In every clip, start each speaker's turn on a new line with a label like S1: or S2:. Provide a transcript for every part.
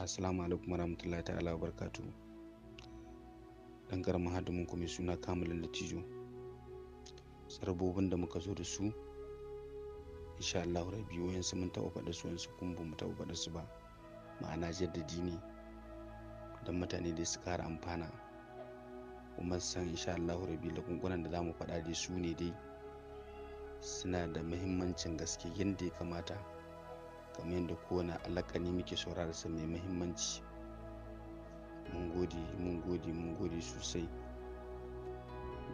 S1: assalamu alaikum warahmatullahi ta'ala barkatu dan garma hadumin ku mai suna kamilin tijo sarbobin da muka zo da su insha Allah rabi wayansu mun taɓa faɗa su wayansu kuma ba mu taɓa faɗa su ba ma'ana jaddadi ne don mutane da su kara amfana kuma san insha Allah rabi da kunkunan da za mu faɗa da su ne dai suna da muhimmancin gaske yadda ya kamata kamar yadda kowane alakani muke saurara mai muhimmanci mun gode mun gode mun gode sosai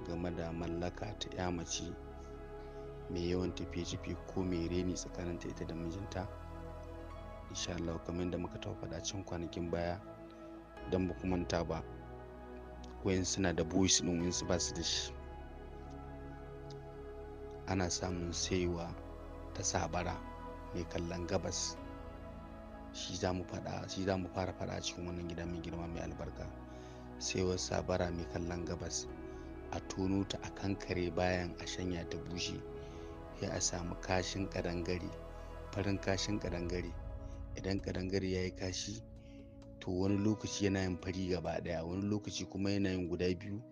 S1: game da mallaka ta ya mace mai yawan tafiye-tafiye ko mai reni tsakaninta ita da mijinta insha Allah kamar yadda muka taɓa faɗa can kwanakin baya don ba manta ba wayan suna da boys ɗin wayan su ba su da shi ana samun saiwa ta sabara mai kallon gabas shi za mu fara fada cikin wannan gida mai girma mai albarka sai wasu sabara mai kallon gabas a tono ta a kankare bayan a shanya ta bushe sai a samu kashin ƙadangare farin kashin ƙadangare idan ƙadangare ya yi kashi to wani lokaci yana yin fari gaba daya wani lokaci kuma yana yin guda biyu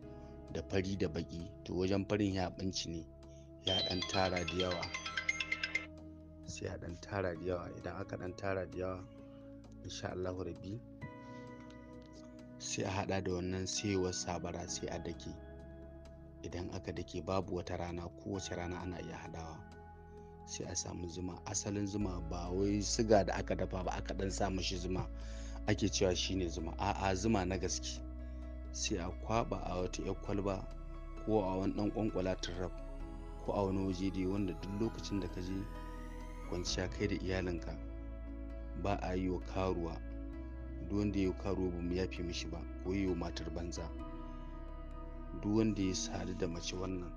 S1: da fari da baki to wajen farin ya ɓanci ne ya ɗan tara da yawa sai a ɗan tara da yawa idan aka ɗan tara da yawa insha Allahu rabbi sai a haɗa da wannan saiwar sabara sai a dake idan aka dake babu wata rana kowace rana ana iya haɗawa sai a samu zuma asalin zuma ba wai siga da aka dafa ba aka ɗan samu shi zuma ake cewa shine zuma a'a zuma na gaske sai a kwaba a wata 'yar kwalba ko a wani ɗan ƙwanƙwala turab ko a wani waje dai wanda duk lokacin da ka je kwanciya kai da iyalinka ba a yi wa karuwa duk wanda ya yi karuwa ba mu yafe mishi ba ko yi wa matar banza duk wanda ya sadu da mace wannan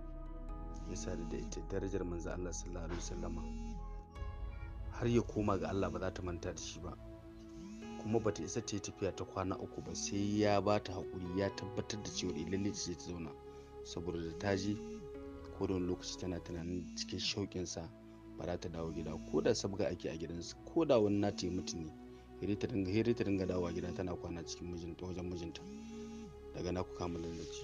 S1: ya sadu da ita darajar manzo Allah sallallahu alaihi wasallama har ya koma ga Allah ba za ta manta da shi ba kuma bata isa ta tafiya ta kwana uku ba sai ya ba ta haƙuri ya tabbatar da cewa eh, lalle ce ta zauna saboda da ta ji ko da lokaci tana tunanin cikin shauƙinsa bara ta dawo gida ko da sabga ake a gidansu ko da wani nata ya mutu ne hiri ta dinga dawowa gida tana kwana cikin mijinta wajen mijinta daga na ku kama lallaci